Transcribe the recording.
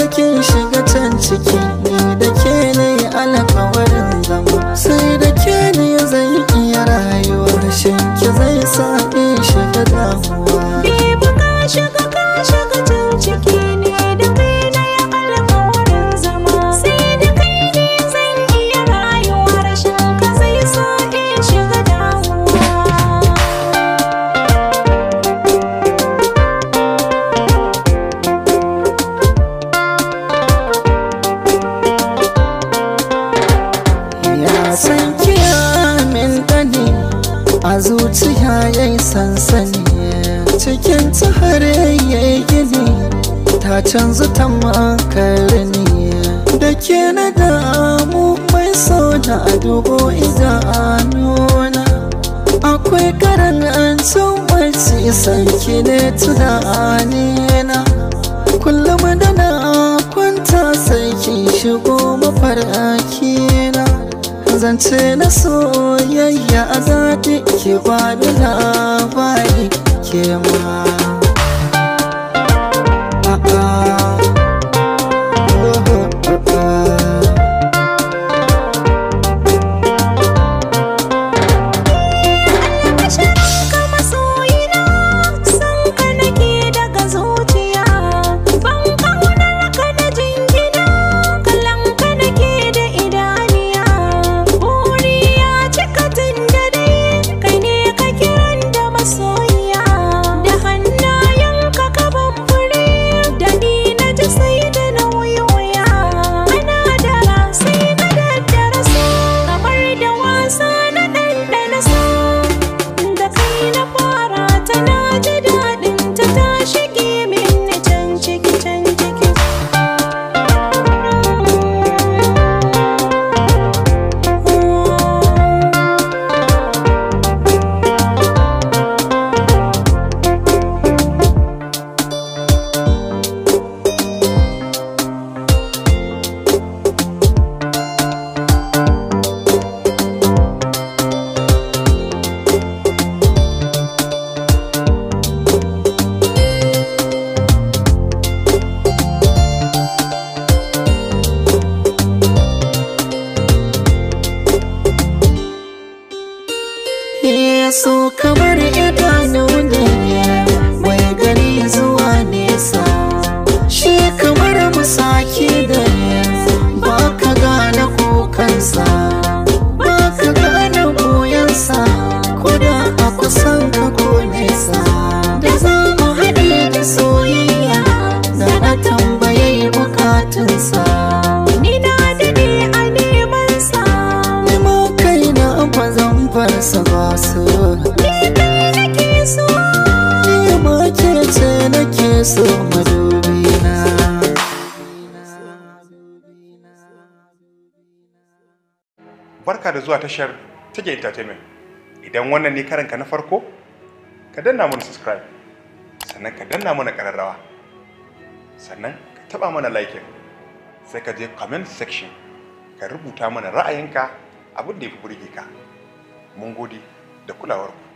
ga kin shiga can ciki ni da ke ne alkawarin zama sai da ke ne zai iya rayuwa shin ki zai sa in shiga damuwa ni ba shiga a zuciya ya yi sansani cikin ta har ya gini ta canza ta makare da ke na damu mai sona a dubo idanuna akwai karancin mace sanki ne tunanina kasance na soyayya a zaɗi ke ba da labari ke ma so madubina barka da zuwa tashar take entertainment idan wannan ne karanka na farko ka danna mana subscribe sannan ka danna mana kararrawa sannan ka taɓa mana likin sai ka je comment section ka rubuta mana ra'ayinka abin da ya fi burge ka mun gode da kulawarku